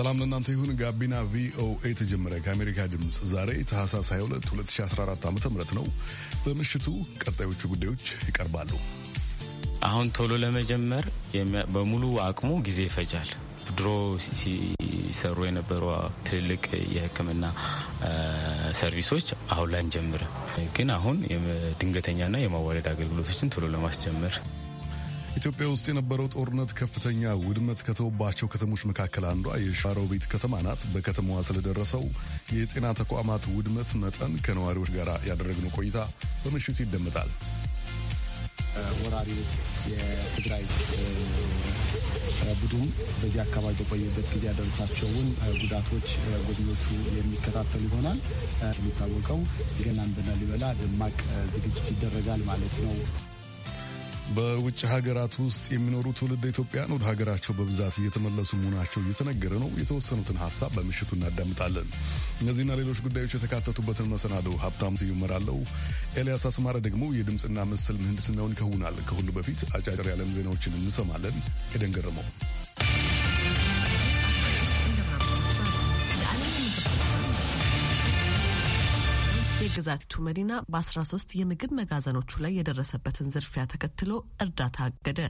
ሰላም ለእናንተ ይሁን። ጋቢና ቪኦኤ ተጀመረ። ከአሜሪካ ድምፅ ዛሬ ታህሳስ 22 2014 ዓ ም ነው። በምሽቱ ቀጣዮቹ ጉዳዮች ይቀርባሉ። አሁን ቶሎ ለመጀመር በሙሉ አቅሙ ጊዜ ይፈጃል። ድሮ ሲሰሩ የነበሩ ትልልቅ የሕክምና ሰርቪሶች አሁን ላይ ግን አሁን ድንገተኛና የማዋለድ አገልግሎቶችን ቶሎ ለማስጀመር ኢትዮጵያ ውስጥ የነበረው ጦርነት ከፍተኛ ውድመት ከተወባቸው ከተሞች መካከል አንዷ የሸዋሮቢት ከተማ ናት። በከተማዋ ስለደረሰው የጤና ተቋማት ውድመት መጠን ከነዋሪዎች ጋር ያደረግነው ቆይታ በምሽቱ ይደመጣል። ወራሪው የትግራይ ቡድን በዚህ አካባቢ በቆየበት ጊዜ ያደረሳቸውን ጉዳቶች ጎብኞቹ የሚከታተሉ ይሆናል። የሚታወቀው ገናን በላሊበላ ደማቅ ዝግጅት ይደረጋል ማለት ነው። በውጭ ሀገራት ውስጥ የሚኖሩ ትውልድ ኢትዮጵያን ወደ ሀገራቸው በብዛት እየተመለሱ መሆናቸው እየተነገረ ነው። የተወሰኑትን ሀሳብ በምሽቱ እናዳምጣለን። እነዚህና ሌሎች ጉዳዮች የተካተቱበትን መሰናዶ ሀብታም ስዩም ኤልያስ አስማረ ደግሞ የድምፅና ምስል ምህንድስናውን ይከውናል። ከሁሉ በፊት አጫጭር የዓለም ዜናዎችን እንሰማለን። የደንገረመው የግዛቲቱ መዲና በ13 የምግብ መጋዘኖቹ ላይ የደረሰበትን ዝርፊያ ተከትሎ እርዳታ አገደ።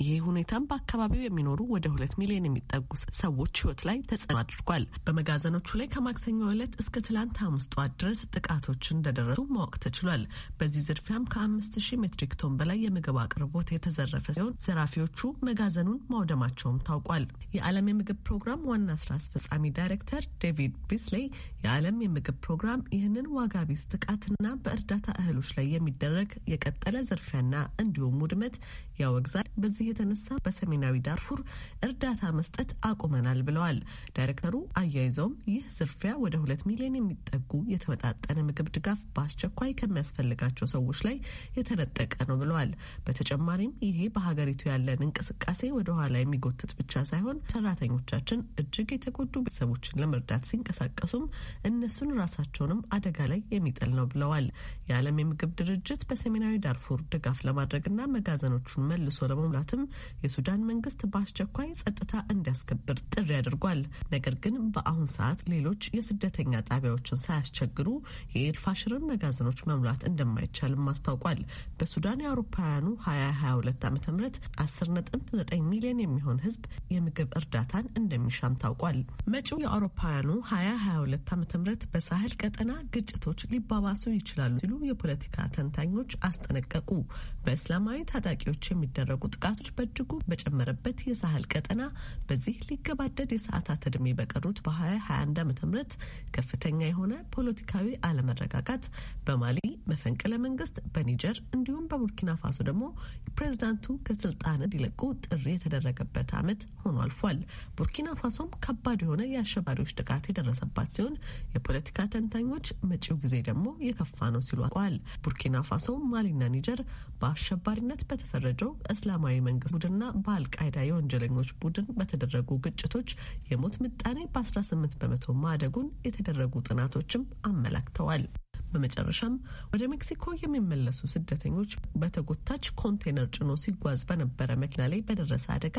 ይሄ ሁኔታም በአካባቢው የሚኖሩ ወደ ሁለት ሚሊዮን የሚጠጉ ሰዎች ህይወት ላይ ተጽዕኖ አድርጓል። በመጋዘኖቹ ላይ ከማክሰኞ ዕለት እስከ ትላንት ሐሙስ ጠዋት ድረስ ጥቃቶች እንደደረሱ ማወቅ ተችሏል። በዚህ ዝርፊያም ከአምስት ሺህ ሜትሪክ ቶን በላይ የምግብ አቅርቦት የተዘረፈ ሲሆን ዘራፊዎቹ መጋዘኑን ማውደማቸውም ታውቋል። የዓለም የምግብ ፕሮግራም ዋና ስራ አስፈጻሚ ዳይሬክተር ዴቪድ ቢስሌይ የዓለም የምግብ ፕሮግራም ይህንን ዋጋ ቢስ ጥቃትና በእርዳታ እህሎች ላይ የሚደረግ የቀጠለ ዝርፊያና እንዲሁም ውድመት ያወግዛል። በዚህ የተነሳ በሰሜናዊ ዳርፉር እርዳታ መስጠት አቁመናል ብለዋል ዳይሬክተሩ። አያይዘውም ይህ ዝርፊያ ወደ ሁለት ሚሊዮን የሚጠጉ የተመጣጠነ ምግብ ድጋፍ በአስቸኳይ ከሚያስፈልጋቸው ሰዎች ላይ የተነጠቀ ነው ብለዋል። በተጨማሪም ይሄ በሀገሪቱ ያለን እንቅስቃሴ ወደ ኋላ የሚጎትት ብቻ ሳይሆን ሰራተኞቻችን እጅግ የተጎዱ ቤተሰቦችን ለመርዳት ሲንቀሳቀሱም እነሱን ራሳቸውንም አደጋ ላይ የሚጥ የሚቀጥል ነው ብለዋል። የዓለም የምግብ ድርጅት በሰሜናዊ ዳርፉር ድጋፍ ለማድረግና መጋዘኖቹን መልሶ ለመሙላትም የሱዳን መንግስት በአስቸኳይ ጸጥታ እንዲያስከብር ጥሪ አድርጓል። ነገር ግን በአሁን ሰዓት ሌሎች የስደተኛ ጣቢያዎችን ሳያስቸግሩ የኤልፋሽርን መጋዘኖች መሙላት እንደማይቻልም አስታውቋል። በሱዳን የአውሮፓውያኑ 2022 ዓ ም 19 ሚሊዮን የሚሆን ህዝብ የምግብ እርዳታን እንደሚሻም ታውቋል። መጪው የአውሮፓውያኑ 2022 ዓ ም በሳህል ቀጠና ግጭቶች ሊባባሱ ይችላሉ ሲሉ የፖለቲካ ተንታኞች አስጠነቀቁ። በእስላማዊ ታጣቂዎች የሚደረጉ ጥቃቶች በእጅጉ በጨመረበት የሳህል ቀጠና በዚህ ሊገባደድ የሰዓታት እድሜ በቀሩት በ2021 ዓ.ም ከፍተኛ የሆነ ፖለቲካዊ አለመረጋጋት በማሊ መፈንቅለ መንግስት፣ በኒጀር እንዲሁም በቡርኪና ፋሶ ደግሞ ፕሬዝዳንቱ ከስልጣን እንዲለቁ ጥሪ የተደረገበት ዓመት ሆኖ አልፏል። ቡርኪና ፋሶም ከባድ የሆነ የአሸባሪዎች ጥቃት የደረሰባት ሲሆን የፖለቲካ ተንታኞች መጪው ጊዜ ደግሞ የከፋ ነው ሲሉ አስታውቀዋል። ቡርኪና ፋሶ፣ ማሊና ኒጀር በአሸባሪነት በተፈረጀው እስላማዊ መንግስት ቡድንና በአልቃይዳ የወንጀለኞች ቡድን በተደረጉ ግጭቶች የሞት ምጣኔ በ18 በመቶ ማደጉን የተደረጉ ጥናቶችም አመላክተዋል። በመጨረሻም ወደ ሜክሲኮ የሚመለሱ ስደተኞች በተጎታች ኮንቴነር ጭኖ ሲጓዝ በነበረ መኪና ላይ በደረሰ አደጋ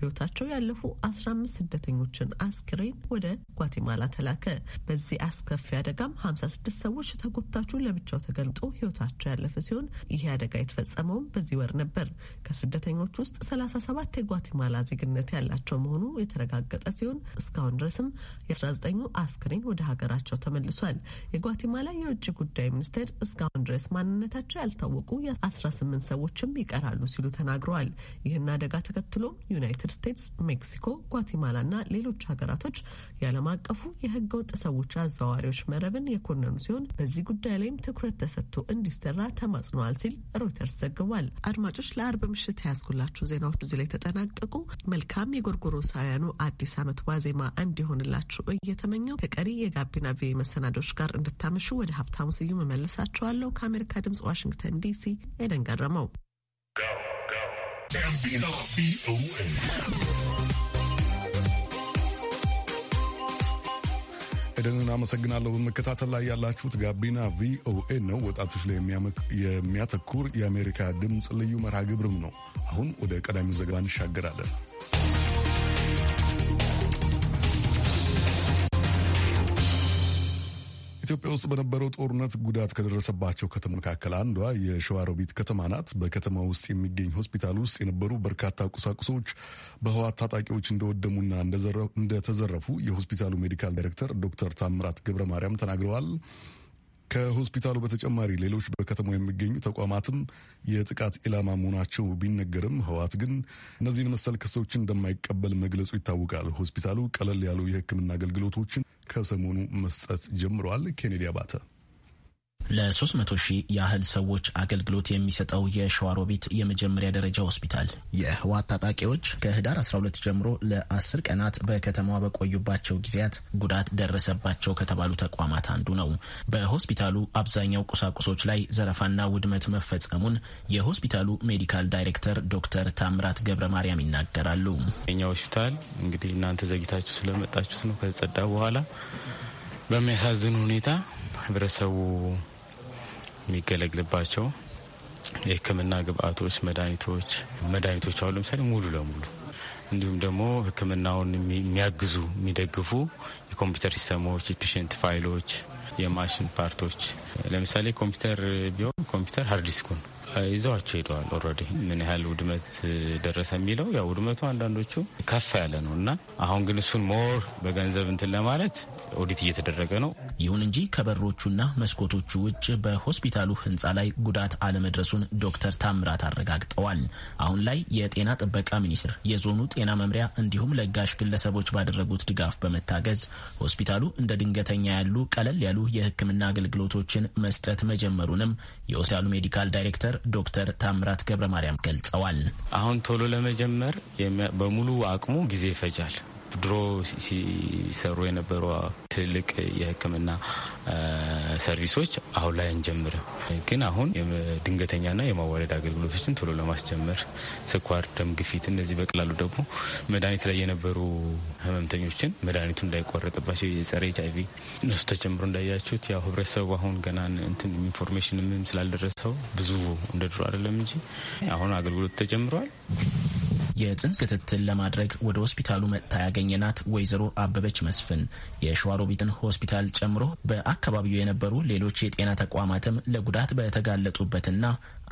ህይወታቸው ያለፉ አስራ አምስት ስደተኞችን አስክሬን ወደ ጓቴማላ ተላከ። በዚህ አስከፊ አደጋም ሀምሳ ስድስት ሰዎች ተጎታቹ ለብቻው ተገልጦ ህይወታቸው ያለፈ ሲሆን ይህ አደጋ የተፈጸመውም በዚህ ወር ነበር። ከስደተኞች ውስጥ ሰላሳ ሰባት የጓቴማላ ዜግነት ያላቸው መሆኑ የተረጋገጠ ሲሆን እስካሁን ድረስም የአስራ ዘጠኙ አስክሬን ወደ ሀገራቸው ተመልሷል። የጓቴማላ የውጭ ጉዳይ ሚኒስቴር እስካሁን ድረስ ማንነታቸው ያልታወቁ የ18 ሰዎችም ይቀራሉ ሲሉ ተናግረዋል። ይህን አደጋ ተከትሎም ዩናይትድ ስቴትስ፣ ሜክሲኮ፣ እና ሌሎች ሀገራቶች የዓለም አቀፉ የህገ ወጥ ሰዎች አዘዋዋሪዎች መረብን የኮነኑ ሲሆን በዚህ ጉዳይ ላይም ትኩረት ተሰጥቶ እንዲሰራ ተማጽነዋል ሲል ሮይተርስ ዘግቧል። አድማጮች ለአርብ ምሽት ያስኩላችሁ ዜናዎች እዚህ ላይ ተጠናቀቁ። መልካም የጎርጎሮሳውያኑ አዲስ ዓመት ዋዜማ እንዲሆንላችሁ እየተመኘው ከቀሪ የጋቢና ቪ መሰናዶች ጋር እንድታመሹ ወደ ሀብታ ሀብታሙ ስዩም እመልሳችኋለሁ። ከአሜሪካ ድምጽ ዋሽንግተን ዲሲ ኤደን ገረመው። ኤደንን አመሰግናለሁ። በመከታተል ላይ ያላችሁት ጋቢና ቪኦኤ ነው። ወጣቶች ላይ የሚያተኩር የአሜሪካ ድምፅ ልዩ መርሃ ግብርም ነው። አሁን ወደ ቀዳሚው ዘገባ እንሻገራለን። ኢትዮጵያ ውስጥ በነበረው ጦርነት ጉዳት ከደረሰባቸው ከተማ መካከል አንዷ የሸዋሮቢት ከተማ ናት። በከተማ ውስጥ የሚገኝ ሆስፒታል ውስጥ የነበሩ በርካታ ቁሳቁሶች በህዋት ታጣቂዎች እንደወደሙና እንደተዘረፉ የሆስፒታሉ ሜዲካል ዳይሬክተር ዶክተር ታምራት ገብረ ማርያም ተናግረዋል። ከሆስፒታሉ በተጨማሪ ሌሎች በከተማ የሚገኙ ተቋማትም የጥቃት ኢላማ መሆናቸው ቢነገርም ህወሓት ግን እነዚህን መሰል ክሶችን እንደማይቀበል መግለጹ ይታወቃል። ሆስፒታሉ ቀለል ያሉ የሕክምና አገልግሎቶችን ከሰሞኑ መስጠት ጀምረዋል። ኬኔዲ አባተ ለ300 ሺህ ያህል ሰዎች አገልግሎት የሚሰጠው የሸዋሮቢት የመጀመሪያ ደረጃ ሆስፒታል የህወሓት ታጣቂዎች ከህዳር 12 ጀምሮ ለ10 ቀናት በከተማዋ በቆዩባቸው ጊዜያት ጉዳት ደረሰባቸው ከተባሉ ተቋማት አንዱ ነው። በሆስፒታሉ አብዛኛው ቁሳቁሶች ላይ ዘረፋና ውድመት መፈጸሙን የሆስፒታሉ ሜዲካል ዳይሬክተር ዶክተር ታምራት ገብረ ማርያም ይናገራሉ። የኛ ሆስፒታል እንግዲህ እናንተ ዘግይታችሁ ስለመጣችሁት ነው። ከተጸዳ በኋላ በሚያሳዝን ሁኔታ ህብረተሰቡ የሚገለግልባቸው የህክምና ግብአቶች፣ መድኃኒቶች መድኃኒቶች አሁን ለምሳሌ ሙሉ ለሙሉ እንዲሁም ደግሞ ህክምናውን የሚያግዙ የሚደግፉ የኮምፒውተር ሲስተሞች፣ የፔሽንት ፋይሎች፣ የማሽን ፓርቶች ለምሳሌ ኮምፒውተር ቢሆን ኮምፒውተር ሀርድ ይዘዋቸው ሄደዋል። ኦልሬዲ ምን ያህል ውድመት ደረሰ የሚለው ያው ውድመቱ አንዳንዶቹ ከፍ ያለ ነው እና አሁን ግን እሱን ሞር በገንዘብ እንትን ለማለት ኦዲት እየተደረገ ነው። ይሁን እንጂ ከበሮቹና መስኮቶቹ ውጭ በሆስፒታሉ ህንፃ ላይ ጉዳት አለመድረሱን ዶክተር ታምራት አረጋግጠዋል። አሁን ላይ የጤና ጥበቃ ሚኒስቴር፣ የዞኑ ጤና መምሪያ እንዲሁም ለጋሽ ግለሰቦች ባደረጉት ድጋፍ በመታገዝ ሆስፒታሉ እንደ ድንገተኛ ያሉ ቀለል ያሉ የህክምና አገልግሎቶችን መስጠት መጀመሩንም የሆስፒታሉ ሜዲካል ዳይሬክተር ዶክተር ታምራት ገብረ ማርያም ገልጸዋል። አሁን ቶሎ ለመጀመር በሙሉ አቅሙ ጊዜ ይፈጃል። ድሮ ሲሰሩ የነበሩ ትልልቅ የሕክምና ሰርቪሶች አሁን ላይ አንጀምርም። ግን አሁን ድንገተኛና የማዋለድ አገልግሎቶችን ቶሎ ለማስጀመር ስኳር፣ ደም ግፊት፣ እነዚህ በቀላሉ ደግሞ መድኃኒት ላይ የነበሩ ህመምተኞችን መድኃኒቱ እንዳይቋረጥባቸው የጸረ ኤች አይቪ እነሱ ተጀምሮ እንዳያችሁት ያው ህብረተሰቡ አሁን ገና እንትን ኢንፎርሜሽን ስላልደረሰው ብዙ እንደ ድሮ አይደለም እንጂ አሁን አገልግሎት ተጀምረዋል። የጽንስ ክትትል ለማድረግ ወደ ሆስፒታሉ መጥታ ያገኘናት ወይዘሮ አበበች መስፍን የሸዋሮቢትን ሆስፒታል ጨምሮ በአካባቢው የነበሩ ሌሎች የጤና ተቋማትም ለጉዳት በተጋለጡበትና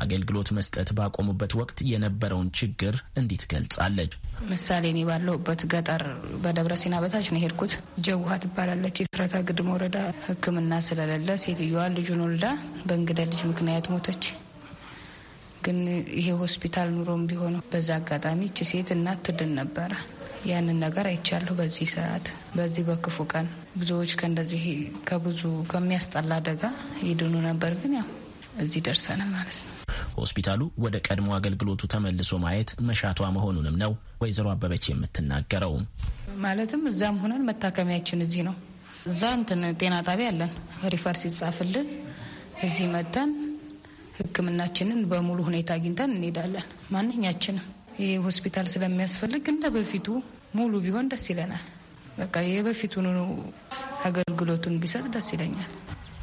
አገልግሎት መስጠት ባቆሙበት ወቅት የነበረውን ችግር እንዲት ገልጻለች። ምሳሌ እኔ ባለሁበት ገጠር በደብረ ሲና በታች ነው ሄድኩት። ጀውሃ ትባላለች። የፍረታ ግድም ወረዳ ሕክምና ስለሌለ ሴትዮዋ ልጁን ወልዳ በእንግዳ ልጅ ምክንያት ሞተች። ግን ይሄ ሆስፒታል ኑሮም ቢሆን በዛ አጋጣሚ ች ሴት እናት ትድን ነበረ። ያንን ነገር አይቻለሁ። በዚህ ሰዓት በዚህ በክፉ ቀን ብዙዎች ከእንደዚህ ከብዙ ከሚያስጠላ አደጋ ይድኑ ነበር። ግን ያው እዚህ ደርሰናል ማለት ነው። ሆስፒታሉ ወደ ቀድሞ አገልግሎቱ ተመልሶ ማየት መሻቷ መሆኑንም ነው ወይዘሮ አበበች የምትናገረው። ማለትም እዛም ሆነን መታከሚያችን እዚህ ነው። እዛ እንትን ጤና ጣቢያ አለን። ሪፈር ሲጻፍልን እዚህ መተን ህክምናችንን በሙሉ ሁኔታ አግኝተን እንሄዳለን። ማንኛችንም ይህ ሆስፒታል ስለሚያስፈልግ እንደ በፊቱ ሙሉ ቢሆን ደስ ይለናል። በቃ የበፊቱን አገልግሎቱን ቢሰጥ ደስ ይለኛል።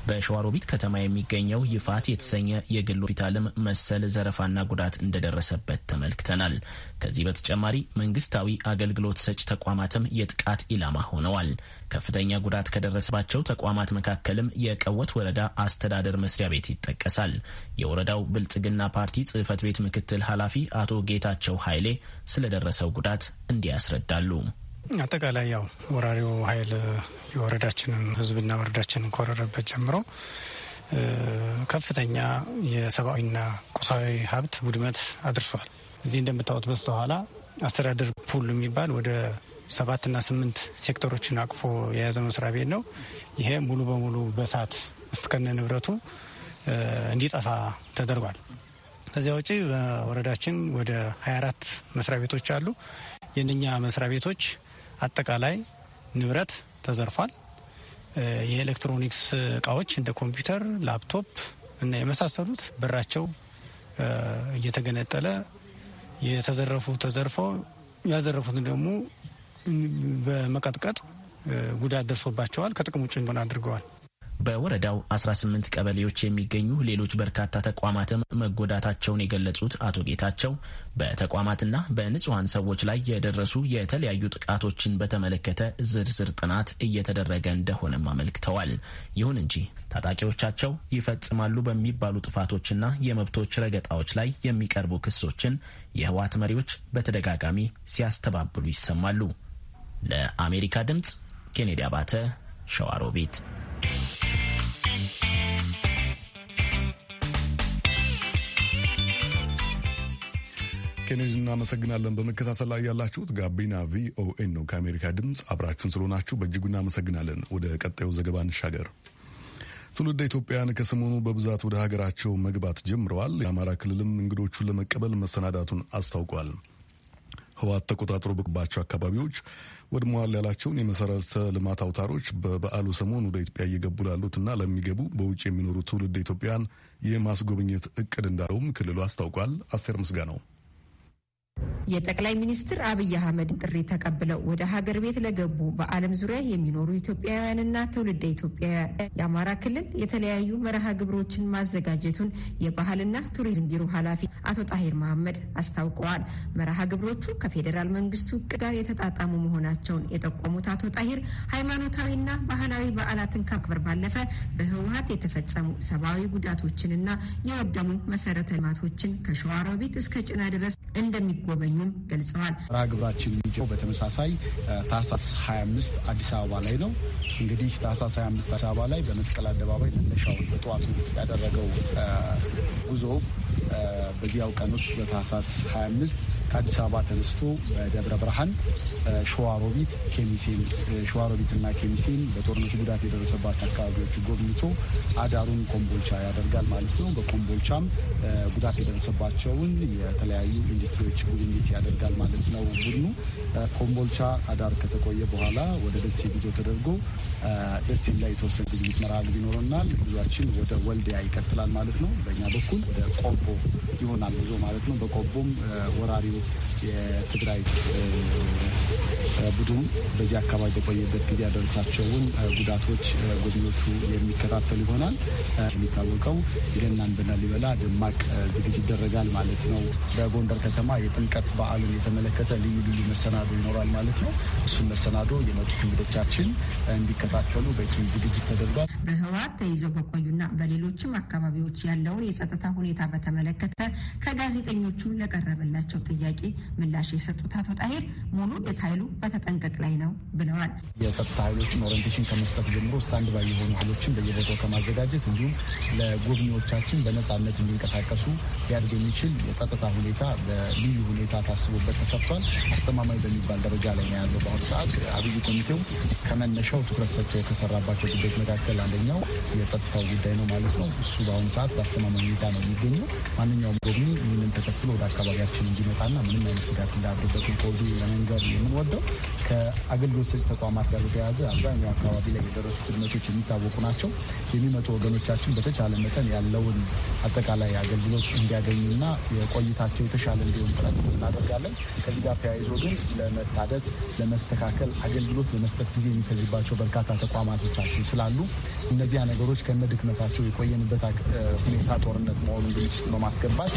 በሸዋሮቢት ከተማ የሚገኘው ይፋት የተሰኘ የግል ሆስፒታልም መሰል ዘረፋና ጉዳት እንደደረሰበት ተመልክተናል። ከዚህ በተጨማሪ መንግስታዊ አገልግሎት ሰጭ ተቋማትም የጥቃት ኢላማ ሆነዋል። ከፍተኛ ጉዳት ከደረሰባቸው ተቋማት መካከልም የቀወት ወረዳ አስተዳደር መስሪያ ቤት ይጠቀሳል። የወረዳው ብልጽግና ፓርቲ ጽህፈት ቤት ምክትል ኃላፊ አቶ ጌታቸው ኃይሌ ስለደረሰው ጉዳት እንዲያስረዳሉ። አጠቃላይ ያው ወራሪው ኃይል የወረዳችንን ህዝብና ወረዳችንን ከወረረበት ጀምሮ ከፍተኛ የሰብአዊና ቁሳዊ ሀብት ውድመት አድርሷል። እዚህ እንደምታወት በስተኋላ አስተዳደር ፑል የሚባል ወደ ሰባትና ስምንት ሴክተሮችን አቅፎ የያዘ መስሪያ ቤት ነው። ይሄ ሙሉ በሙሉ በሳት እስከነ ንብረቱ እንዲጠፋ ተደርጓል። ከዚያ ውጪ በወረዳችን ወደ 24 መስሪያ ቤቶች አሉ። የእነኛ መስሪያ ቤቶች አጠቃላይ ንብረት ተዘርፏል። የኤሌክትሮኒክስ እቃዎች እንደ ኮምፒውተር፣ ላፕቶፕ እና የመሳሰሉት በራቸው እየተገነጠለ የተዘረፉ ተዘርፎ ያዘረፉትን ደግሞ በመቀጥቀጥ ጉዳት ደርሶባቸዋል። ከጥቅም ውጭ እንዲሆን አድርገዋል። በወረዳው 18 ቀበሌዎች የሚገኙ ሌሎች በርካታ ተቋማትም መጎዳታቸውን የገለጹት አቶ ጌታቸው በተቋማትና በንጹሐን ሰዎች ላይ የደረሱ የተለያዩ ጥቃቶችን በተመለከተ ዝርዝር ጥናት እየተደረገ እንደሆነም አመልክተዋል። ይሁን እንጂ ታጣቂዎቻቸው ይፈጽማሉ በሚባሉ ጥፋቶችና የመብቶች ረገጣዎች ላይ የሚቀርቡ ክሶችን የህወሓት መሪዎች በተደጋጋሚ ሲያስተባብሉ ይሰማሉ። ለአሜሪካ ድምፅ ኬኔዲ አባተ ሸዋሮቢት ኬኔዲ እናመሰግናለን። በመከታተል ላይ ያላችሁት ጋቢና ቪኦኤን ነው። ከአሜሪካ ድምፅ አብራችሁን ስለሆናችሁ በእጅጉ እናመሰግናለን። ወደ ቀጣዩ ዘገባ እንሻገር። ትውልደ ኢትዮጵያውያን ከሰሞኑ በብዛት ወደ ሀገራቸው መግባት ጀምረዋል። የአማራ ክልልም እንግዶቹን ለመቀበል መሰናዳቱን አስታውቋል። ህወሓት ተቆጣጥሮ በባቸው አካባቢዎች ወድመዋል ያላቸውን የመሰረተ ልማት አውታሮች በበዓሉ ሰሞን ወደ ኢትዮጵያ እየገቡ ላሉትና ለሚገቡ በውጭ የሚኖሩ ትውልድ ኢትዮጵያን የማስጎብኘት እቅድ እንዳለውም ክልሉ አስታውቋል። አስቴር ነው። የጠቅላይ ሚኒስትር አብይ አህመድን ጥሪ ተቀብለው ወደ ሀገር ቤት ለገቡ በዓለም ዙሪያ የሚኖሩ ኢትዮጵያውያንና ትውልደ ኢትዮጵያውያን የአማራ ክልል የተለያዩ መርሃ ግብሮችን ማዘጋጀቱን የባህልና ቱሪዝም ቢሮ ኃላፊ አቶ ጣሂር መሐመድ አስታውቀዋል። መርሃ ግብሮቹ ከፌዴራል መንግስቱ ጋር የተጣጣሙ መሆናቸውን የጠቆሙት አቶ ጣሂር ሃይማኖታዊና ባህላዊ በዓላትን ካክበር ባለፈ በህወሀት የተፈጸሙ ሰብአዊ ጉዳቶችንና የወደሙ መሰረተ ልማቶችን ከሸዋሮቢት እስከ ጭና ድረስ እንደሚ እንደሚጎበኝም ገልጸዋል። ራ ግብራችን በተመሳሳይ ታህሳስ 25 አዲስ አበባ ላይ ነው። እንግዲህ ታህሳስ 25 አዲስ አበባ ላይ በመስቀል አደባባይ መነሻውን በጠዋቱ ያደረገው ጉዞ በዚያው ቀን ውስጥ በታህሳስ 25 ከአዲስ አበባ ተነስቶ በደብረ ብርሃን፣ ሸዋሮቢት፣ ኬሚሴን ሸዋሮቢትና ኬሚሴን በጦርነቱ ጉዳት የደረሰባቸው አካባቢዎች ጎብኝቶ አዳሩን ኮምቦልቻ ያደርጋል ማለት ነው። በኮምቦልቻም ጉዳት የደረሰባቸውን የተለያዩ ኢንዱስትሪዎች ጉብኝት ያደርጋል ማለት ነው። ቡድኑ ኮምቦልቻ አዳር ከተቆየ በኋላ ወደ ደሴ ጉዞ ተደርጎ ደሴን ላይ የተወሰነ ጉብኝት መርሃ ይኖረናል። ጉዟችን ወደ ወልዲያ ይቀጥላል ማለት ነው። በእኛ በኩል ወደ ቆቦ ይሆናል ጉዞ ማለት ነው። በቆቦም ወራሪ የትግራይ ቡድን በዚህ አካባቢ በቆየበት ጊዜ ያደረሳቸውን ጉዳቶች ጎብኞቹ የሚከታተሉ ይሆናል። የሚታወቀው ገናን በላሊበላ ደማቅ ዝግጅት ይደረጋል ማለት ነው። በጎንደር ከተማ የጥምቀት በዓልን የተመለከተ ልዩ ልዩ መሰናዶ ይኖራል ማለት ነው። እሱም መሰናዶ የመጡት እንግዶቻችን እንዲከታተሉ በቂ ዝግጅት ተደርጓል። በህወሓት ተይዘው በቆዩና በሌሎችም አካባቢዎች ያለውን የጸጥታ ሁኔታ በተመለከተ ከጋዜጠኞቹ ለቀረበላቸው ጥያቄ ምላሽ የሰጡት አቶ ጣሄር ሙሉ የት ኃይሉ በተጠንቀቅ ላይ ነው ብለዋል። የጸጥታ ኃይሎችን ኦሪንቴሽን ከመስጠት ጀምሮ ስታንድ ባይ የሆኑ ኃይሎችን በየቦታው ከማዘጋጀት እንዲሁም ለጎብኚዎቻችን በነፃነት እንዲንቀሳቀሱ ሊያድግ የሚችል የጸጥታ ሁኔታ በልዩ ሁኔታ ታስቦበት ተሰጥቷል። አስተማማኝ በሚባል ደረጃ ላይ ነው ያለው። በአሁኑ ሰዓት አብይ ኮሚቴው ከመነሻው ትኩረት ሰጥቶ የተሰራባቸው ጉዳዮች መካከል አንደ አንደኛው የጸጥታው ጉዳይ ነው ማለት ነው። እሱ በአሁኑ ሰዓት በአስተማማኝ ሁኔታ ነው የሚገኘው። ማንኛውም ጎብኚ ይህንን ተከትሎ ወደ አካባቢያችን እንዲመጣና ምንም አይነት ስጋት እንዳያድርበት ከወዲ ለመንገር የምንወደው ከአገልግሎት ሰጪ ተቋማት ጋር በተያያዘ አብዛኛው አካባቢ ላይ የደረሱ ድመቶች የሚታወቁ ናቸው። የሚመጡ ወገኖቻችን በተቻለ መጠን ያለውን አጠቃላይ አገልግሎት እንዲያገኙና የቆይታቸው የተሻለ እንዲሆን ጥረት እናደርጋለን። ከዚህ ጋር ተያይዞ ግን ለመታደስ ለመስተካከል አገልግሎት ለመስጠት ጊዜ የሚፈልግባቸው በርካታ ተቋማቶቻችን ስላሉ እነዚያ ነገሮች ከነ ድክመታቸው የቆየንበት ሁኔታ ጦርነት መሆኑን ግምት ውስጥ በማስገባት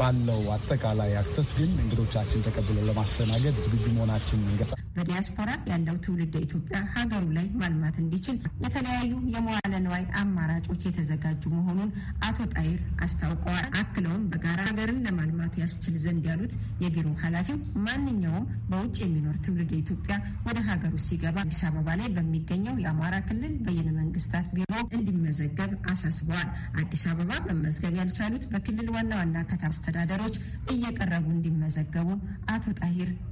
ባለው አጠቃላይ አክሰስ ግን እንግዶቻችን ተቀብለው ለማስተናገድ ዝግጁ መሆናችን እንገሳል። በዲያስፖራ ያለው ትውልድ ኢትዮጵያ ሀገሩ ላይ ማልማት እንዲችል የተለያዩ የመዋለ ንዋይ አማራጮች የተዘጋጁ መሆኑን አቶ ጣይር አስታውቀዋል። አክለውም በጋራ ሀገርን ለማልማት ያስችል ዘንድ ያሉት የቢሮ ኃላፊው ማንኛውም በውጭ የሚኖር ትውልድ ኢትዮጵያ ወደ ሀገሩ ሲገባ አዲስ አበባ ላይ በሚገኘው የአማራ ክልል በይነ መንግስታት ቢሮ እንዲመዘገብ አሳስበዋል። አዲስ አበባ መመዝገብ ያልቻሉት በክልል ዋና ዋና ከተማ አስተዳደሮች እየቀረቡ እንዲመዘገቡ አቶ ጣሂር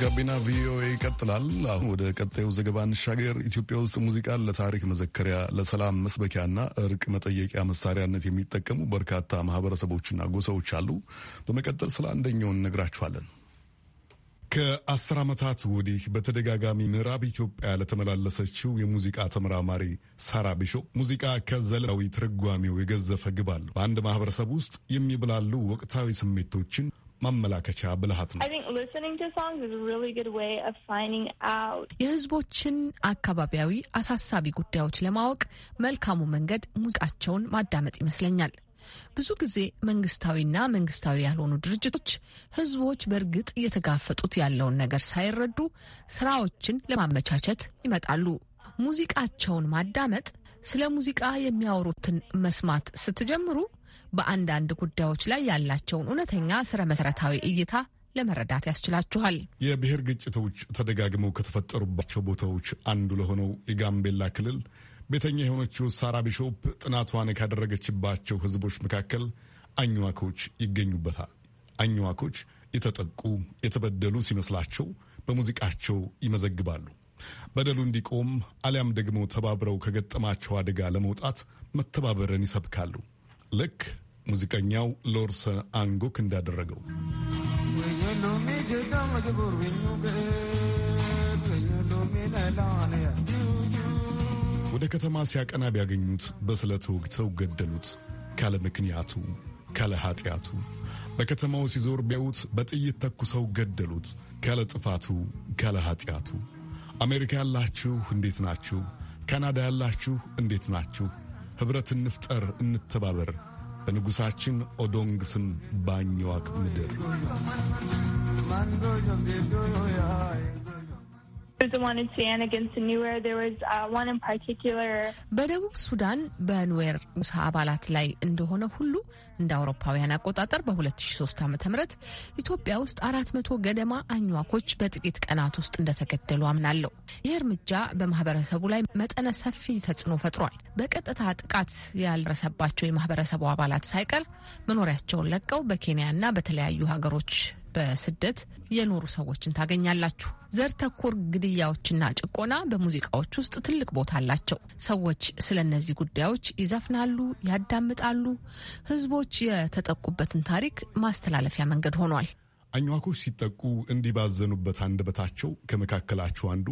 ጋቢና ቪኦኤ ይቀጥላል። አሁን ወደ ቀጣዩ ዘገባ እንሻገር። ኢትዮጵያ ውስጥ ሙዚቃን ለታሪክ መዘከሪያ፣ ለሰላም መስበኪያና እርቅ መጠየቂያ መሳሪያነት የሚጠቀሙ በርካታ ማህበረሰቦችና ጎሳዎች አሉ። በመቀጠል ስለ አንደኛው እንነግራችኋለን። ከአስር ዓመታት ወዲህ በተደጋጋሚ ምዕራብ ኢትዮጵያ ለተመላለሰችው የሙዚቃ ተመራማሪ ሳራ ቢሾ ሙዚቃ ከዘለዊ ትርጓሜው የገዘፈ ግብ አለው። በአንድ ማህበረሰብ ውስጥ የሚብላሉ ወቅታዊ ስሜቶችን ማመላከቻ ብልሃት ነው። የህዝቦችን አካባቢያዊ አሳሳቢ ጉዳዮች ለማወቅ መልካሙ መንገድ ሙዚቃቸውን ማዳመጥ ይመስለኛል። ብዙ ጊዜ መንግስታዊና መንግስታዊ ያልሆኑ ድርጅቶች ህዝቦች በእርግጥ እየተጋፈጡት ያለውን ነገር ሳይረዱ ስራዎችን ለማመቻቸት ይመጣሉ። ሙዚቃቸውን ማዳመጥ ስለ ሙዚቃ የሚያወሩትን መስማት ስትጀምሩ በአንዳንድ ጉዳዮች ላይ ያላቸውን እውነተኛ ስረ መሰረታዊ እይታ ለመረዳት ያስችላችኋል። የብሔር ግጭቶች ተደጋግመው ከተፈጠሩባቸው ቦታዎች አንዱ ለሆነው የጋምቤላ ክልል ቤተኛ የሆነችው ሳራ ቢሾፕ ጥናቷን ካደረገችባቸው ህዝቦች መካከል አኝዋኮች ይገኙበታል። አኝዋኮች የተጠቁ የተበደሉ ሲመስላቸው በሙዚቃቸው ይመዘግባሉ። በደሉ እንዲቆም አሊያም ደግሞ ተባብረው ከገጠማቸው አደጋ ለመውጣት መተባበርን ይሰብካሉ። ልክ ሙዚቀኛው ሎርስ አንጎክ እንዳደረገው ወደ ከተማ ሲያቀና ቢያገኙት በስለት ወግተው ገደሉት። ካለ ምክንያቱ ካለ ኃጢአቱ በከተማው ሲዞር ቢያዩት በጥይት ተኩሰው ገደሉት። ካለ ጥፋቱ ካለ ኃጢአቱ። አሜሪካ ያላችሁ እንዴት ናችሁ? ካናዳ ያላችሁ እንዴት ናችሁ? ኅብረት እንፍጠር፣ እንተባበር በንጉሣችን ኦዶንግ ስም ባኝዋክ ምድር Uh, በደቡብ ሱዳን በኑዌር ምሳ አባላት ላይ እንደሆነ ሁሉ እንደ አውሮፓውያን አቆጣጠር በ2003 ዓ ም ኢትዮጵያ ውስጥ አራት ገደማ አኟኮች በጥቂት ቀናት ውስጥ እንደተገደሉ አምናለሁ። ይህ እርምጃ በማህበረሰቡ ላይ መጠነ ሰፊ ተጽዕኖ ፈጥሯል። በቀጥታ ጥቃት ያልደረሰባቸው የማህበረሰቡ አባላት ሳይቀር መኖሪያቸውን ለቀው በኬንያና በተለያዩ ሀገሮች በስደት የኖሩ ሰዎችን ታገኛላችሁ። ዘር ተኮር ግድያዎችና ጭቆና በሙዚቃዎች ውስጥ ትልቅ ቦታ አላቸው። ሰዎች ስለ እነዚህ ጉዳዮች ይዘፍናሉ፣ ያዳምጣሉ። ህዝቦች የተጠቁበትን ታሪክ ማስተላለፊያ መንገድ ሆኗል። አኟኮች ሲጠቁ እንዲባዘኑበት አንድ አንደበታቸው ከመካከላቸው አንዱ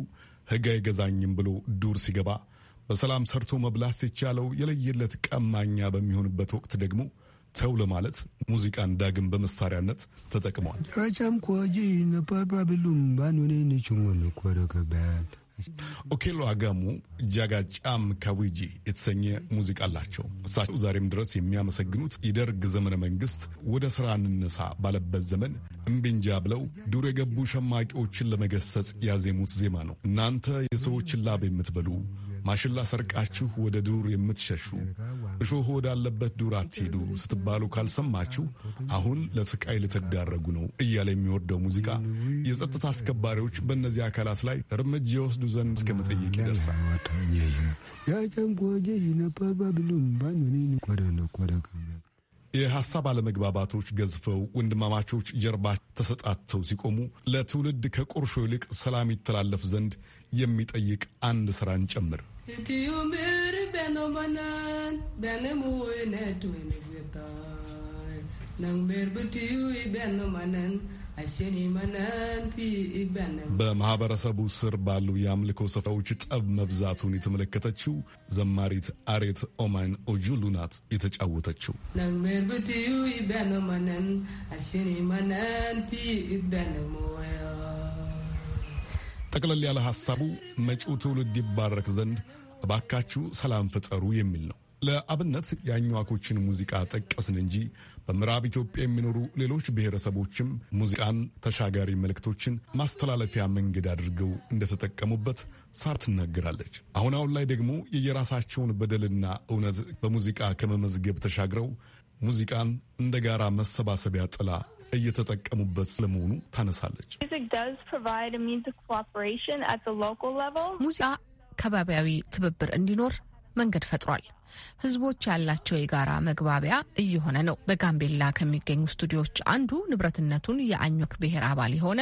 ህግ አይገዛኝም ብሎ ዱር ሲገባ በሰላም ሰርቶ መብላት ሲቻለው የለየለት ቀማኛ በሚሆንበት ወቅት ደግሞ ተው ለማለት ሙዚቃን ዳግም በመሳሪያነት ተጠቅመዋል። ጫጫም ኮጂ ነፓፓብሉም ባንኔንችሞንኮረከበያል ኦኬሎ አጋሙ ጃጋ ጫም ካዊጂ የተሰኘ ሙዚቃ አላቸው። እሳቸው ዛሬም ድረስ የሚያመሰግኑት የደርግ ዘመነ መንግስት ወደ ስራ እንነሳ ባለበት ዘመን እምቢንጃ ብለው ዱር የገቡ ሸማቂዎችን ለመገሰጽ ያዜሙት ዜማ ነው። እናንተ የሰዎችን ላብ የምትበሉ ማሽላ ሰርቃችሁ ወደ ዱር የምትሸሹ እሾህ ወዳለበት ዱር አትሄዱ ስትባሉ ካልሰማችሁ አሁን ለስቃይ ልትዳረጉ ነው እያለ የሚወርደው ሙዚቃ የጸጥታ አስከባሪዎች በእነዚህ አካላት ላይ እርምጃ የወስዱ ዘንድ እስከ መጠየቅ ይደርሳል። የሐሳብ አለመግባባቶች ገዝፈው ወንድማማቾች ጀርባ ተሰጣተው ሲቆሙ ለትውልድ ከቁርሾ ይልቅ ሰላም ይተላለፍ ዘንድ የሚጠይቅ አንድ ስራን ጨምር በማህበረሰቡ ስር ባሉ የአምልኮ ስፍራዎች ጠብ መብዛቱን የተመለከተችው ዘማሪት አሬት ኦማን ኦጁሉ ናት የተጫወተችው። ጠቅለል ያለ ሐሳቡ መጪው ትውልድ ይባረክ ዘንድ እባካችሁ ሰላም ፍጠሩ የሚል ነው። ለአብነት የአኟዋኮችን ሙዚቃ ጠቀስን እንጂ በምዕራብ ኢትዮጵያ የሚኖሩ ሌሎች ብሔረሰቦችም ሙዚቃን ተሻጋሪ መልእክቶችን ማስተላለፊያ መንገድ አድርገው እንደተጠቀሙበት ሳር ትናገራለች። አሁን አሁን ላይ ደግሞ የየራሳቸውን በደልና እውነት በሙዚቃ ከመመዝገብ ተሻግረው ሙዚቃን እንደ ጋራ መሰባሰቢያ ጥላ እየተጠቀሙበት ስለመሆኑ ታነሳለች። ሙዚቃ ከባቢያዊ ትብብር እንዲኖር መንገድ ፈጥሯል። ህዝቦች ያላቸው የጋራ መግባቢያ እየሆነ ነው። በጋምቤላ ከሚገኙ ስቱዲዮዎች አንዱ ንብረትነቱን የአኞክ ብሔር አባል የሆነ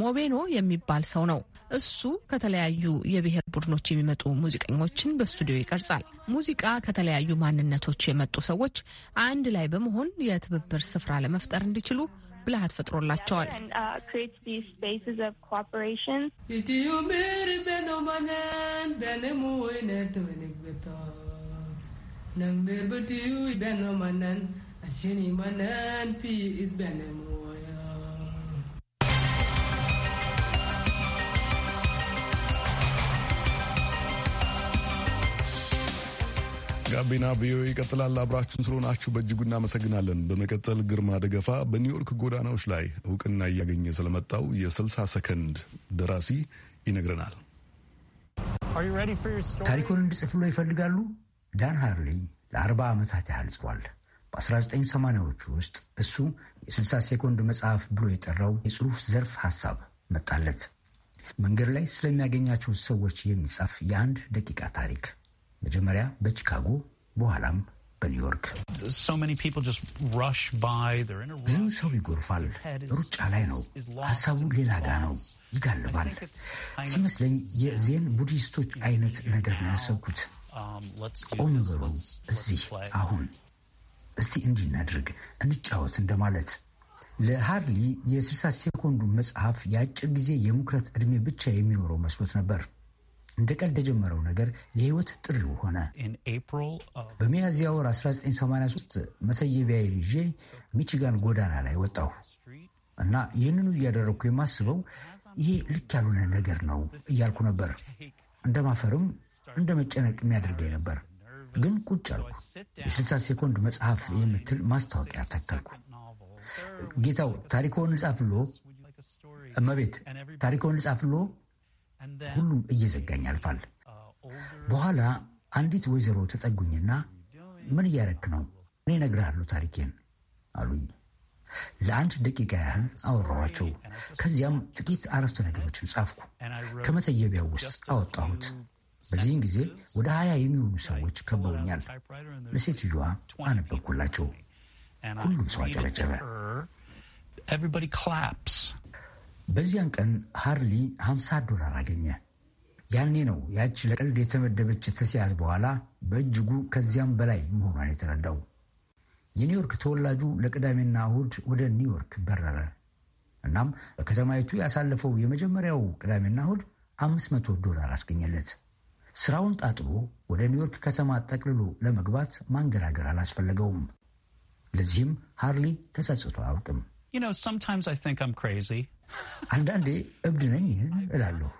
ሞቤኖ የሚባል ሰው ነው። እሱ ከተለያዩ የብሔር ቡድኖች የሚመጡ ሙዚቀኞችን በስቱዲዮ ይቀርጻል። ሙዚቃ ከተለያዩ ማንነቶች የመጡ ሰዎች አንድ ላይ በመሆን የትብብር ስፍራ ለመፍጠር እንዲችሉ ብልሃት ፈጥሮላቸዋል። ነሜ ብድዩ ይበኖ ማናን አሸኒ ማናን ፒ ይትበነሙ ጋቢና ቪኦኤ ይቀጥላል። አብራችሁን ስለሆናችሁ በእጅጉ እናመሰግናለን። በመቀጠል ግርማ ደገፋ በኒውዮርክ ጎዳናዎች ላይ እውቅና እያገኘ ስለመጣው የ60 ሰከንድ ደራሲ ይነግረናል። ታሪኮን እንድጽፍሎ ይፈልጋሉ? ዳን ሃርሊ ለአርባ ዓመታት ያህል ጽፏል። በ1980ዎቹ ውስጥ እሱ የ60 ሴኮንድ መጽሐፍ ብሎ የጠራው የጽሑፍ ዘርፍ ሐሳብ መጣለት። መንገድ ላይ ስለሚያገኛቸው ሰዎች የሚጻፍ የአንድ ደቂቃ ታሪክ መጀመሪያ በቺካጎ በኋላም በኒውዮርክ ብዙ ሰው ይጎርፋል። ሩጫ ላይ ነው። ሀሳቡ ሌላ ጋ ነው። ይጋልባል። ሲመስለኝ የዜን ቡዲስቶች አይነት ነገር ነው ያሰብኩት። um, ቆም በሉ እዚህ አሁን፣ እስቲ እንዲህ እናድርግ፣ እንጫወት እንደማለት። ለሃርሊ የ60 ሴኮንዱ መጽሐፍ የአጭር ጊዜ የሙክረት ዕድሜ ብቻ የሚኖረው መስሎት ነበር። እንደ ቀልድ የጀመረው ነገር የህይወት ጥሪው ሆነ። በሚያዝያ ወር 1983 መሰየቢያ ይዤ ሚቺጋን ጎዳና ላይ ወጣሁ እና ይህንኑ እያደረግኩ የማስበው ይሄ ልክ ያልሆነ ነገር ነው እያልኩ ነበር። እንደ ማፈርም እንደ መጨነቅ የሚያደርገኝ ነበር። ግን ቁጭ አልኩ። የ60 ሴኮንድ መጽሐፍ የምትል ማስታወቂያ ተከልኩ። ጌታው ታሪኮን ጻፍሎ እመቤት ታሪኮን ጻፍሎ ሁሉም እየዘጋኝ ያልፋል። በኋላ አንዲት ወይዘሮ ተጸጉኝና ምን እያረክ ነው? እኔ እነግርሃለሁ ታሪኬን አሉኝ። ለአንድ ደቂቃ ያህል አወራኋቸው። ከዚያም ጥቂት አረፍተ ነገሮችን ጻፍኩ። ከመተየቢያው ውስጥ አወጣሁት። በዚህን ጊዜ ወደ ሀያ የሚሆኑ ሰዎች ከበውኛል። ለሴትዮዋ አነበብኩላቸው። ሁሉም ሰው አጨበጨበ። በዚያን ቀን ሃርሊ 50 ዶላር አገኘ። ያኔ ነው ያች ለቀልድ የተመደበች ተስያዝ በኋላ በእጅጉ ከዚያም በላይ መሆኗን የተረዳው። የኒውዮርክ ተወላጁ ለቅዳሜና እሁድ ወደ ኒውዮርክ በረረ። እናም በከተማይቱ ያሳለፈው የመጀመሪያው ቅዳሜና እሁድ 500 ዶላር አስገኘለት። ስራውን ጣጥሎ ወደ ኒውዮርክ ከተማ ጠቅልሎ ለመግባት ማንገራገር አላስፈለገውም። ለዚህም ሃርሊ ተጸጽቶ አያውቅም። You know, sometimes I think I'm crazy. አንዳንዴ እብድ ነኝ እላለሁ።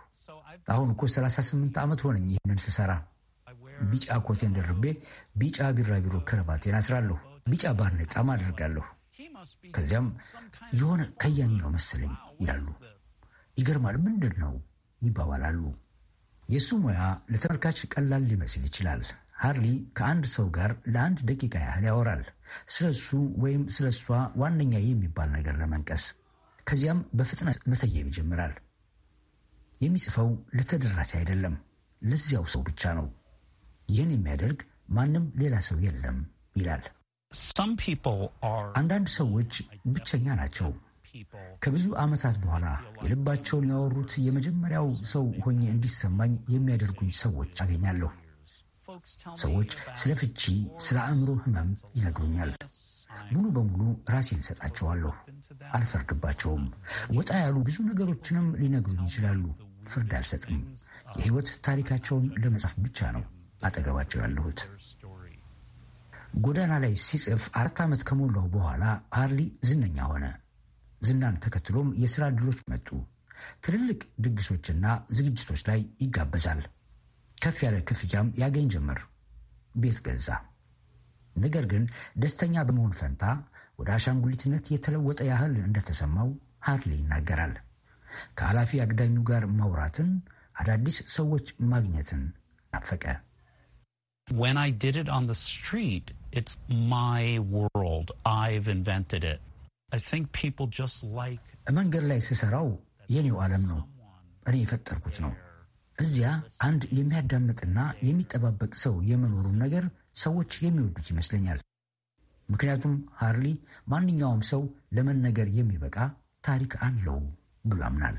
አሁን እኮ 38 ዓመት ሆነኝ ይህንን ስሰራ። ቢጫ ኮቴን ደርቤ ቢጫ ቢራቢሮ ክረባቴን አስራለሁ። ቢጫ ባርኔጣም አደርጋለሁ። ከዚያም የሆነ ከያኔ ነው መሰለኝ ይላሉ። ይገርማል፣ ምንድን ነው ይባባላሉ። የእሱ ሙያ ለተመልካች ቀላል ሊመስል ይችላል። ሃርሊ ከአንድ ሰው ጋር ለአንድ ደቂቃ ያህል ያወራል፣ ስለ እሱ ወይም ስለ እሷ ዋነኛ የሚባል ነገር ለመንቀስ ከዚያም በፍጥነት መሰየም ይጀምራል። የሚጽፈው ለተደራሲ አይደለም፣ ለዚያው ሰው ብቻ ነው። ይህን የሚያደርግ ማንም ሌላ ሰው የለም ይላል። አንዳንድ ሰዎች ብቸኛ ናቸው። ከብዙ ዓመታት በኋላ የልባቸውን ያወሩት የመጀመሪያው ሰው ሆኜ እንዲሰማኝ የሚያደርጉኝ ሰዎች አገኛለሁ። ሰዎች ስለ ፍቺ፣ ስለ አእምሮ ህመም ይነግሩኛል። ሙሉ በሙሉ ራሴን እሰጣቸዋለሁ። አልፈርድባቸውም። ወጣ ያሉ ብዙ ነገሮችንም ሊነግሩ ይችላሉ። ፍርድ አልሰጥም። የህይወት ታሪካቸውን ለመጻፍ ብቻ ነው አጠገባቸው ያለሁት። ጎዳና ላይ ሲጽፍ አራት ዓመት ከሞላው በኋላ ሃርሊ ዝነኛ ሆነ። ዝናን ተከትሎም የሥራ ዕድሎች መጡ። ትልልቅ ድግሶችና ዝግጅቶች ላይ ይጋበዛል። ከፍ ያለ ክፍያም ያገኝ ጀመር። ቤት ገዛ። ነገር ግን ደስተኛ በመሆን ፈንታ ወደ አሻንጉሊትነት የተለወጠ ያህል እንደተሰማው ሀርሌ ይናገራል። ከኃላፊ አግዳሚው ጋር ማውራትን፣ አዳዲስ ሰዎች ማግኘትን ናፈቀ። When I did it on the street, it's my world. I've invented it. I think people just like... መንገድ ላይ ስሰራው የኔው ዓለም ነው፣ እኔ የፈጠርኩት ነው። እዚያ አንድ የሚያዳምጥና የሚጠባበቅ ሰው የመኖሩን ነገር ሰዎች የሚወዱት ይመስለኛል። ምክንያቱም ሃርሊ ማንኛውም ሰው ለመነገር የሚበቃ ታሪክ አለው ብሎ አምናል።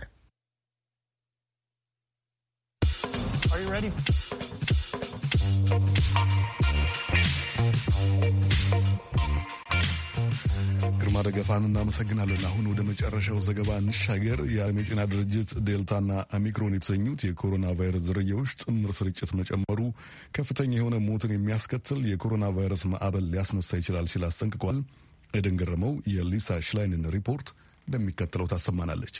ግርማ ደገፋን እናመሰግናለን። አሁን ወደ መጨረሻው ዘገባ እንሻገር። የዓለም የጤና ድርጅት ዴልታና ኦሚክሮን የተሰኙት የኮሮና ቫይረስ ዝርያዎች ጥምር ስርጭት መጨመሩ ከፍተኛ የሆነ ሞትን የሚያስከትል የኮሮና ቫይረስ ማዕበል ሊያስነሳ ይችላል ሲል አስጠንቅቋል። ኤደን ገረመው የሊሳ ሽላይንን ሪፖርት እንደሚከተለው ታሰማናለች።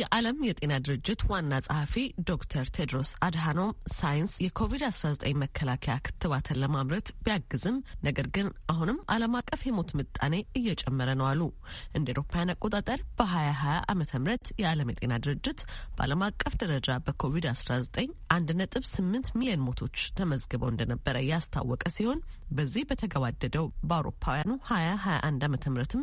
የዓለም የጤና ድርጅት ዋና ጸሐፊ ዶክተር ቴድሮስ አድሃኖም ሳይንስ የኮቪድ-19 መከላከያ ክትባትን ለማምረት ቢያግዝም ነገር ግን አሁንም ዓለም አቀፍ የሞት ምጣኔ እየጨመረ ነው አሉ። እንደ ኤሮፓያን አቆጣጠር በ2020 ዓ ም የዓለም የጤና ድርጅት በዓለም አቀፍ ደረጃ በኮቪድ-19 1.8 ሚሊዮን ሞቶች ተመዝግበው እንደነበረ ያስታወቀ ሲሆን በዚህ በተገባደደው በአውሮፓውያኑ 2021 ዓ ምም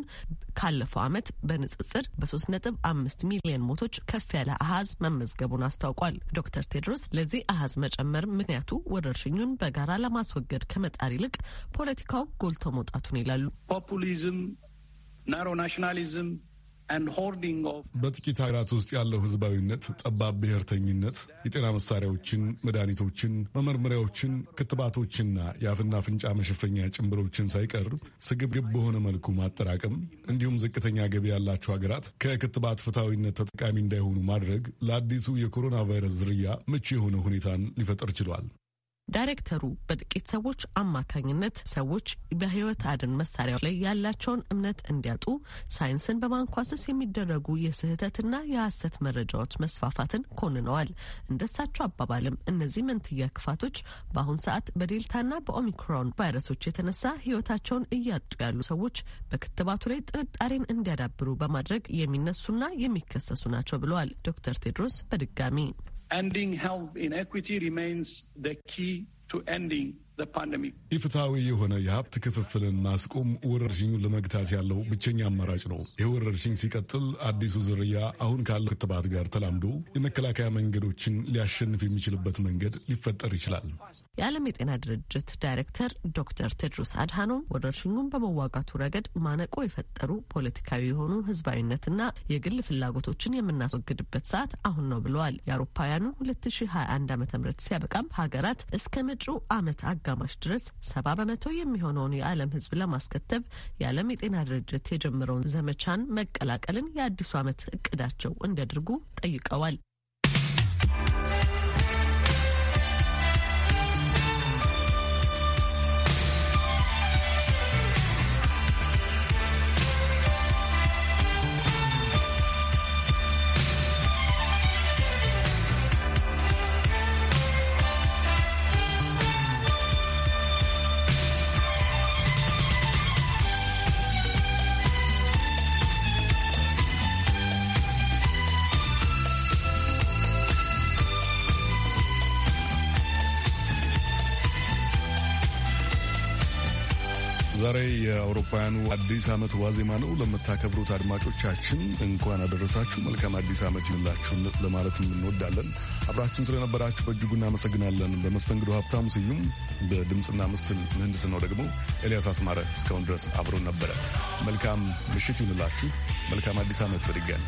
ካለፈው ዓመት በንጽጽር በ3.5 ሚሊዮን ሞቶች ጥቃቶች ከፍ ያለ አሀዝ መመዝገቡን አስታውቋል። ዶክተር ቴድሮስ ለዚህ አሀዝ መጨመር ምክንያቱ ወረርሽኙን በጋራ ለማስወገድ ከመጣር ይልቅ ፖለቲካው ጎልቶ መውጣቱን ይላሉ። ፖፑሊዝም ናሮ ናሽናሊዝም በጥቂት ሀገራት ውስጥ ያለው ህዝባዊነት፣ ጠባብ ብሔርተኝነት የጤና መሳሪያዎችን፣ መድኃኒቶችን፣ መመርመሪያዎችን፣ ክትባቶችና የአፍና አፍንጫ መሸፈኛ ጭንብሮችን ሳይቀር ስግብግብ በሆነ መልኩ ማጠራቀም እንዲሁም ዝቅተኛ ገቢ ያላቸው ሀገራት ከክትባት ፍትሐዊነት ተጠቃሚ እንዳይሆኑ ማድረግ ለአዲሱ የኮሮና ቫይረስ ዝርያ ምቹ የሆነ ሁኔታን ሊፈጥር ችሏል። ዳይሬክተሩ በጥቂት ሰዎች አማካኝነት ሰዎች በህይወት አድን መሳሪያዎች ላይ ያላቸውን እምነት እንዲያጡ ሳይንስን በማንኳሰስ የሚደረጉ የስህተትና የሐሰት መረጃዎች መስፋፋትን ኮንነዋል። እንደሳቸው አባባልም እነዚህ መንትያ ክፋቶች በአሁን ሰዓት በዴልታና በኦሚክሮን ቫይረሶች የተነሳ ህይወታቸውን እያጡ ያሉ ሰዎች በክትባቱ ላይ ጥርጣሬን እንዲያዳብሩ በማድረግ የሚነሱና የሚከሰሱ ናቸው ብለዋል ዶክተር ቴድሮስ በድጋሚ Ending health inequity remains the key to ending ኢፍትሐዊ የሆነ የሀብት ክፍፍልን ማስቆም ወረርሽኙን ለመግታት ያለው ብቸኛ አማራጭ ነው። ይህ ወረርሽኝ ሲቀጥል አዲሱ ዝርያ አሁን ካለው ክትባት ጋር ተላምዶ የመከላከያ መንገዶችን ሊያሸንፍ የሚችልበት መንገድ ሊፈጠር ይችላል። የዓለም የጤና ድርጅት ዳይሬክተር ዶክተር ቴድሮስ አድሃኖም ወረርሽኙን በመዋጋቱ ረገድ ማነቆ የፈጠሩ ፖለቲካዊ የሆኑ ህዝባዊነትና የግል ፍላጎቶችን የምናስወግድበት ሰዓት አሁን ነው ብለዋል። የአውሮፓውያኑ 2021 ዓ ም ሲያበቃም ሀገራት እስከ መጪው ዓመት አጋ አጋማሽ ድረስ ሰባ በመቶ የሚሆነውን የዓለም ሕዝብ ለማስከተብ የዓለም የጤና ድርጅት የጀመረውን ዘመቻን መቀላቀልን የአዲሱ ዓመት እቅዳቸው እንዲያደርጉ ጠይቀዋል። ዛሬ የአውሮፓውያኑ አዲስ ዓመት ዋዜማ ነው። ለምታከብሩት አድማጮቻችን እንኳን አደረሳችሁ፣ መልካም አዲስ ዓመት ይሁንላችሁ ለማለት እንወዳለን። አብራችሁን ስለነበራችሁ በእጅጉ እናመሰግናለን። በመስተንግዶ ሀብታሙ ስዩም፣ በድምፅና ምስል ምህንድስናው ደግሞ ኤልያስ አስማረ እስካሁን ድረስ አብሮን ነበረ። መልካም ምሽት ይሁንላችሁ። መልካም አዲስ ዓመት በድጋሚ